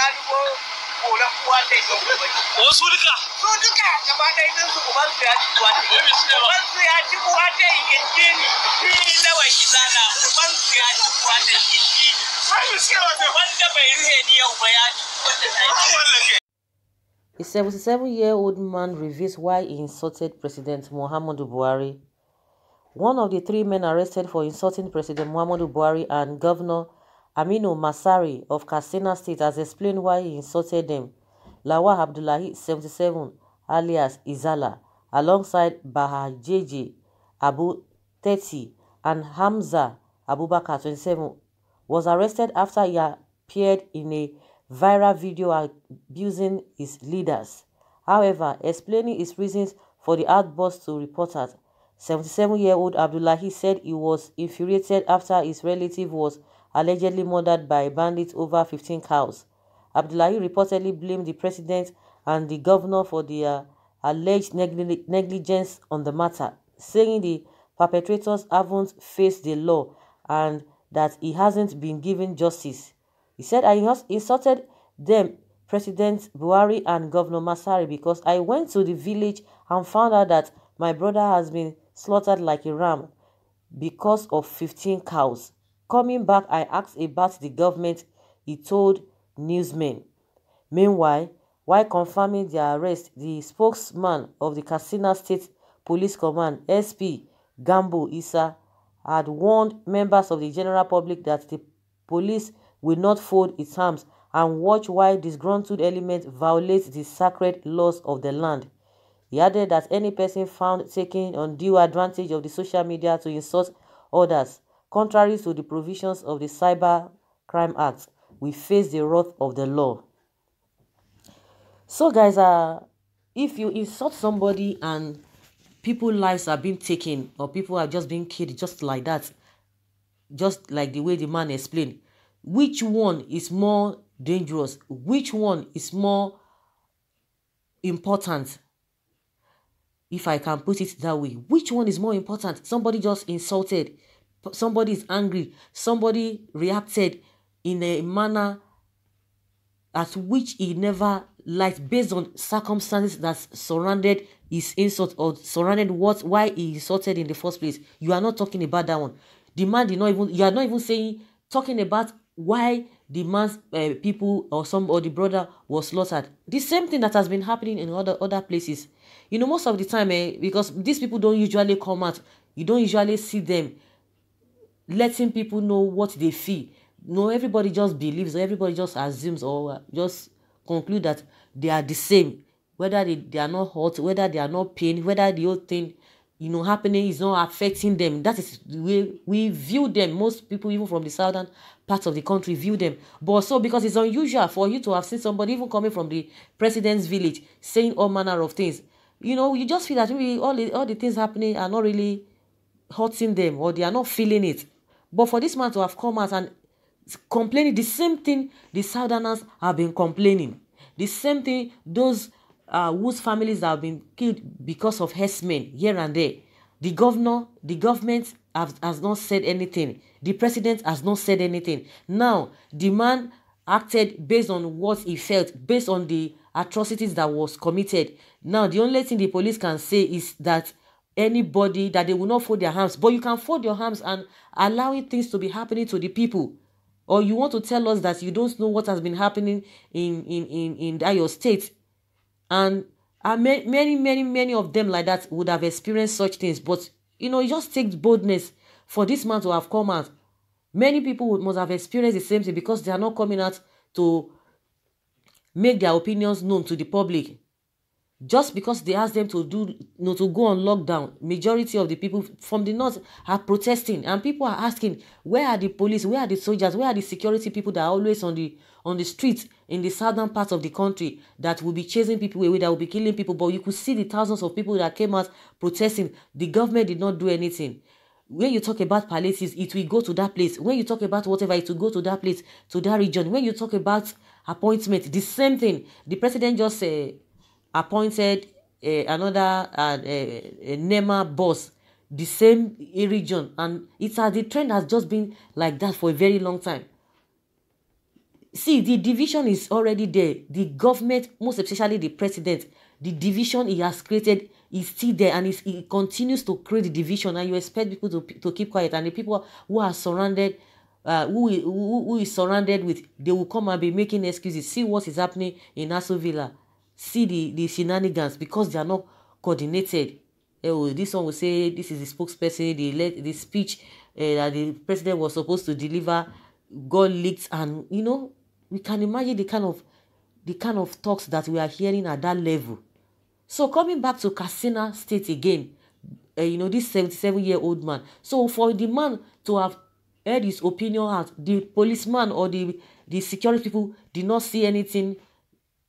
dariwo koran uwa ta yi ko su duka su duka gaba da idan su uban su ya ci uwa ta yi uban su ya ci uwa yi inji ni ni nawa izana yi inji ni wanda bai ruhe ni yau ba ya ci A 77-year-old man reveals why he insulted President Muhammadu Buhari. One of the three men arrested for insulting President Muhammadu Buhari and Governor Aminu Masari of Katsina State has explained why he insulted them. Lawa Abdullahi, 77, alias Izala, alongside Baha Abu 30 and Hamza Abubakar, 27, was arrested after he appeared in a viral video abusing his leaders. However, explaining his reasons for the outburst to reporters, 77-year-old Abdullahi said he was infuriated after his relative was allegedly murdered by bandits over 15 cows. Abdullahi reportedly blamed the president and the governor for their uh, alleged negligence on the matter, saying the perpetrators haven't faced the law and that he hasn't been given justice. He said, I insulted them, President Buhari and Governor Masari, because I went to the village and found out that my brother has been slaughtered like a ram because of 15 cows. Coming back, I asked about the government, he told newsmen. Meanwhile, while confirming the arrest, the spokesman of the Katsina State Police Command, SP Gambo Isa, had warned members of the general public that the police will not fold its arms and watch while disgruntled elements violate the sacred laws of the land. He added that any person found taking undue advantage of the social media to insult others Contrary to the provisions of the Cyber Crime Act, we face the wrath of the law. So, guys, uh, if you insult somebody and people lives are being taken or people are just being killed just like that just like the way the man explained which one is more dangerous which one is more important if i can put it that way which one is more important somebody just insulted somebody is angry, somebody reacted in a manner at which he never liked based on circumstances that surrounded his insult or surrounded what why he insulted in the first place. You are not talking about that one. The man did not even you are not even saying talking about why the man's uh, people or some or the brother was slaughtered. The same thing that has been happening in other other places. You know, most of the time, eh, because these people don't usually come out, you don't usually see them letting people know what they feel no everybody just believes or everybody just assumes or just conclude that they are the same whether they, they are not hurt, whether they are not pain whether the whole thing you know happening is not affecting them that is the way we view them most people even from the southern part of the country view them but so because it's unusual for you to have seen somebody even coming from the president's village saying all manner of things you know you just feel that maybe all the all the things happening are not really hurting them or they are not feeling it But for this man to have come out and complaining the same thing the Southerners have been complaining, the same thing those uh, whose families have been killed because of herdsmen here and there. The governor, the government have, has not said anything. The president has not said anything. Now, the man acted based on what he felt, based on the atrocities that was committed. Now, the only thing the police can say is that anybody that they will not fold their hands. But you can fold your hands and allowing things to be happening to the people. Or you want to tell us that you don't know what has been happening in in in, in that your state. And uh, many, many, many of them like that would have experienced such things. But you know, it just takes boldness for this man to have come out. Many people would, must have experienced the same thing because they are not coming out to make their opinions known to the public just because they ask them to do you know, to go on lockdown majority of the people from the north are protesting and people are asking where are the police where are the soldiers where are the security people that are always on the on the streets in the southern part of the country that will be chasing people away that will be killing people but you could see the thousands of people that came out protesting the government did not do anything when you talk about palliatives it will go to that place when you talk about whatever it will go to that place to that region when you talk about appointment the same thing the president just uh, appointed uh, another uh, uh, NEMA boss the same region and it's as the trend has just been like that for a very long time see the division is already there the government most especially the president the division he has created is still there and he continues to create the division and you expect people to, to keep quiet and the people who are surrounded uh, who, who, who is surrounded with they will come and be making excuses see what is happening in Aso Villa see the the shenanigans because they are not coordinated eh, oh this one will say this is the spokesperson the let the speech uh, that the president was supposed to deliver got leaked and you know we can imagine the kind of the kind of talks that we are hearing at that level so coming back to katsina state again uh, you know this 77 year old man so for the man to have heard his opinion out the policeman or the the security people did not see anything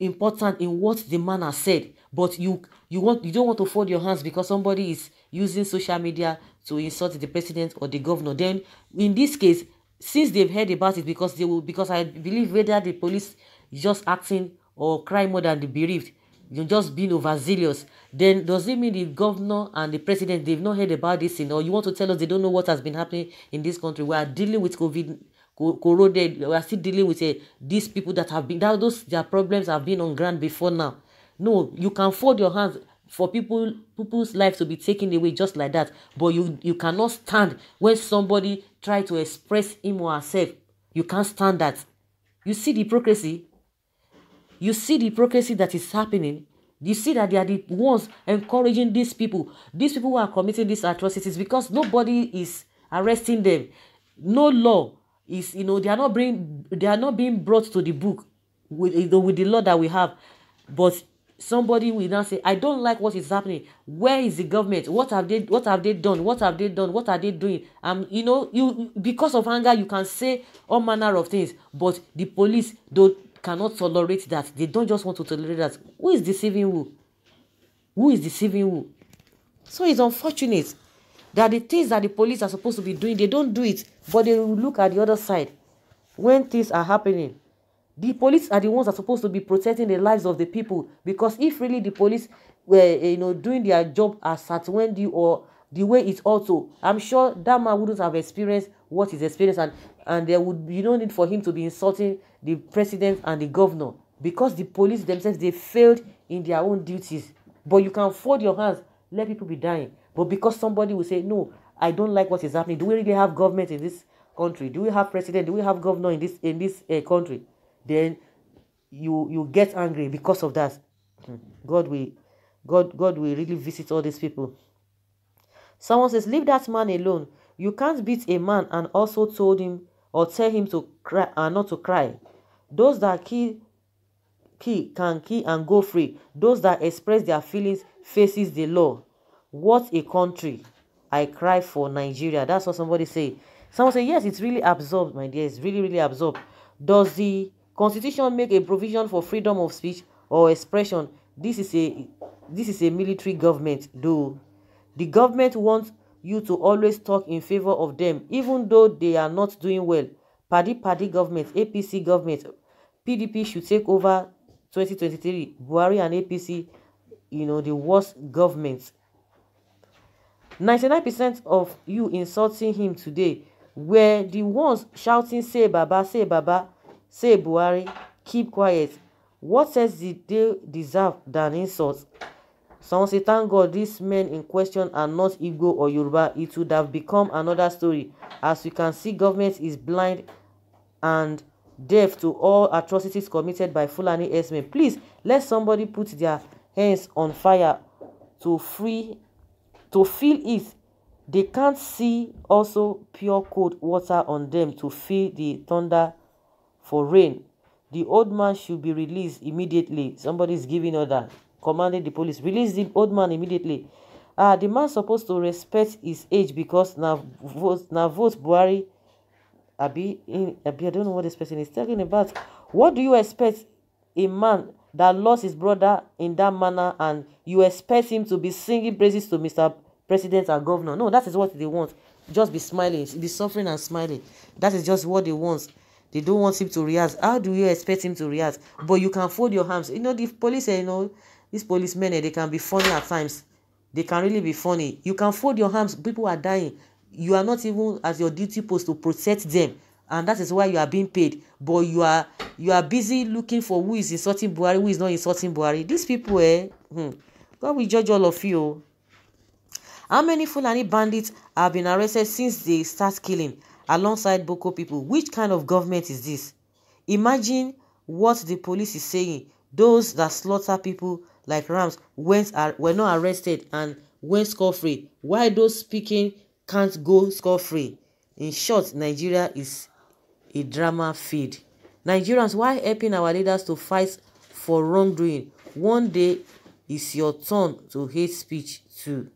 important in what the man has said but you you want you don't want to fold your hands because somebody is using social media to insult the president or the governor then in this case since they've heard about it because they will because i believe whether the police is just acting or crying more than the bereaved you're just being overzealous then does it mean the governor and the president they've not heard about this thing or you want to tell us they don't know what has been happening in this country we are dealing with covid corroded. We are still dealing with uh, these people that have been that those their problems have been on ground before now. No, you can fold your hands for people people's lives to be taken away just like that. But you you cannot stand when somebody try to express him or herself. You can't stand that. You see the hypocrisy. You see the hypocrisy that is happening. You see that they are the ones encouraging these people. These people who are committing these atrocities because nobody is arresting them. No law is you know they are not being they are not being brought to the book with you know, with the law that we have but somebody will now say i don't like what is happening where is the government what have they what have they done what have they done what are they doing um you know you because of anger you can say all manner of things but the police don't cannot tolerate that they don't just want to tolerate that who is deceiving who who is deceiving who so it's unfortunate are the things that the police are supposed to be doing, they don't do it, but they will look at the other side when things are happening. The police are the ones that are supposed to be protecting the lives of the people because if really the police were eh, you know doing their job as at when the or the way it's also, I'm sure that man wouldn't have experienced what he's experienced and and there would be no need for him to be insulting the president and the governor because the police themselves they failed in their own duties. But you can fold your hands let people be dying. But because somebody will say, no, I don't like what is happening. Do we really have government in this country? Do we have president? Do we have governor in this in this uh, country? Then you you get angry because of that. God will God God will really visit all these people. Someone says, leave that man alone. You can't beat a man and also told him or tell him to cry and uh, not to cry. Those that kill can key and go free. Those that express their feelings faces the law. What a country. I cry for Nigeria. That's what somebody say. Someone say, yes, it's really absorbed, my dear. It's really, really absorbed. Does the constitution make a provision for freedom of speech or expression? This is a this is a military government, though. The government wants you to always talk in favor of them, even though they are not doing well. Party party government, APC government, PDP should take over 2023 Buhari and APC, you know, the worst government. 99% of you insulting him today were the ones shouting, say Baba, say Baba, say Buhari, keep quiet. What else did they deserve than insult? Some say, thank God these men in question are not Igbo or Yoruba. It would have become another story. As you can see, government is blind and Death to all atrocities committed by Fulani herdsmen. Please let somebody put their hands on fire to free to feel it. They can't see also pure cold water on them to feel the thunder for rain. The old man should be released immediately. Somebody is giving order, commanding the police. Release the old man immediately. Ah, uh, the man supposed to respect his age because now, vote now, vote Buhari Abi, Abi, I don't know what this person is talking about. What do you expect a man that lost his brother in that manner and you expect him to be singing praises to Mr. President and governor? No, that is what they want. Just be smiling, be suffering and smiling. That is just what they want. They don't want him to react. How do you expect him to react? But you can fold your arms. You know, the police, eh, you know, these policemen, eh, they can be funny at times. They can really be funny. You can fold your arms. People are dying you are not even as your duty post to protect them and that is why you are being paid but you are you are busy looking for who is insulting buhari who is not insulting buhari these people eh hmm, god will judge all of you oh. how many fulani bandits have been arrested since they start killing alongside boko people which kind of government is this imagine what the police is saying those that slaughter people like rams went are were not arrested and went scot-free while those speaking can't go scot-free. In short, Nigeria is a drama feed. Nigerians, why helping our leaders to fight for wrongdoing, one day it's your turn to hate speech too.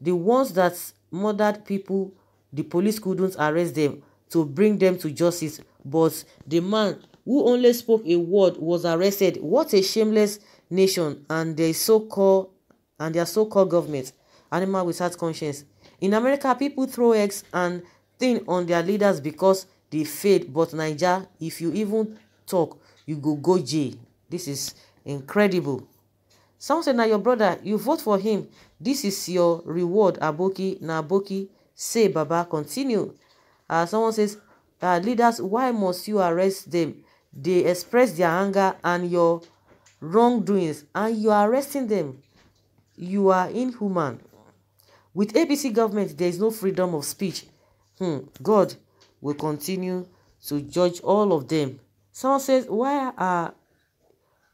The ones that murdered people, the police couldn't arrest them to bring them to justice, but the man who only spoke a word was arrested. What a shameless nation and their so-called and their so-called government. Animal without conscience. In America, people throw eggs and thing on their leaders because they failed. But Naija, if you even talk, you go go jail. This is incredible. Someone said, na your brother, you vote for him. This is your reward, Aboki. Na Aboki say Baba, continue. Uh, someone says, uh, leaders, why must you arrest them? They express their anger and your wrongdoings, and you are arresting them. You are inhuman. With APC government, there is no freedom of speech. Hmm. God will continue to judge all of them. Someone says, why are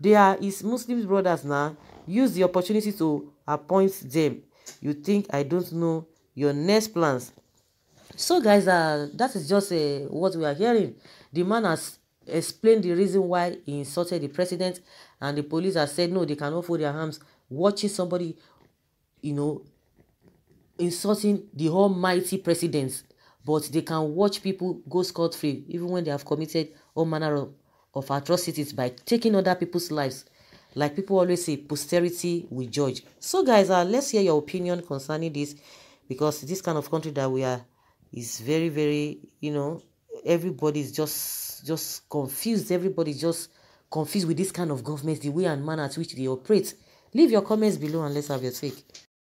they are his Muslim brothers now? Use the opportunity to appoint them. You think I don't know your next plans? So guys, uh, that is just uh, what we are hearing. The man has explained the reason why he insulted the president and the police have said no, they cannot fold their arms watching somebody, you know, insulting the almighty President, but they can watch people go scot-free even when they have committed all manner of, of atrocities by taking other people's lives. Like people always say, posterity will judge. So guys, uh, let's hear your opinion concerning this because this kind of country that we are is very, very, you know, everybody's just just confused. Everybody's just confused with this kind of government, the way and manner at which they operate. Leave your comments below and let's have your take.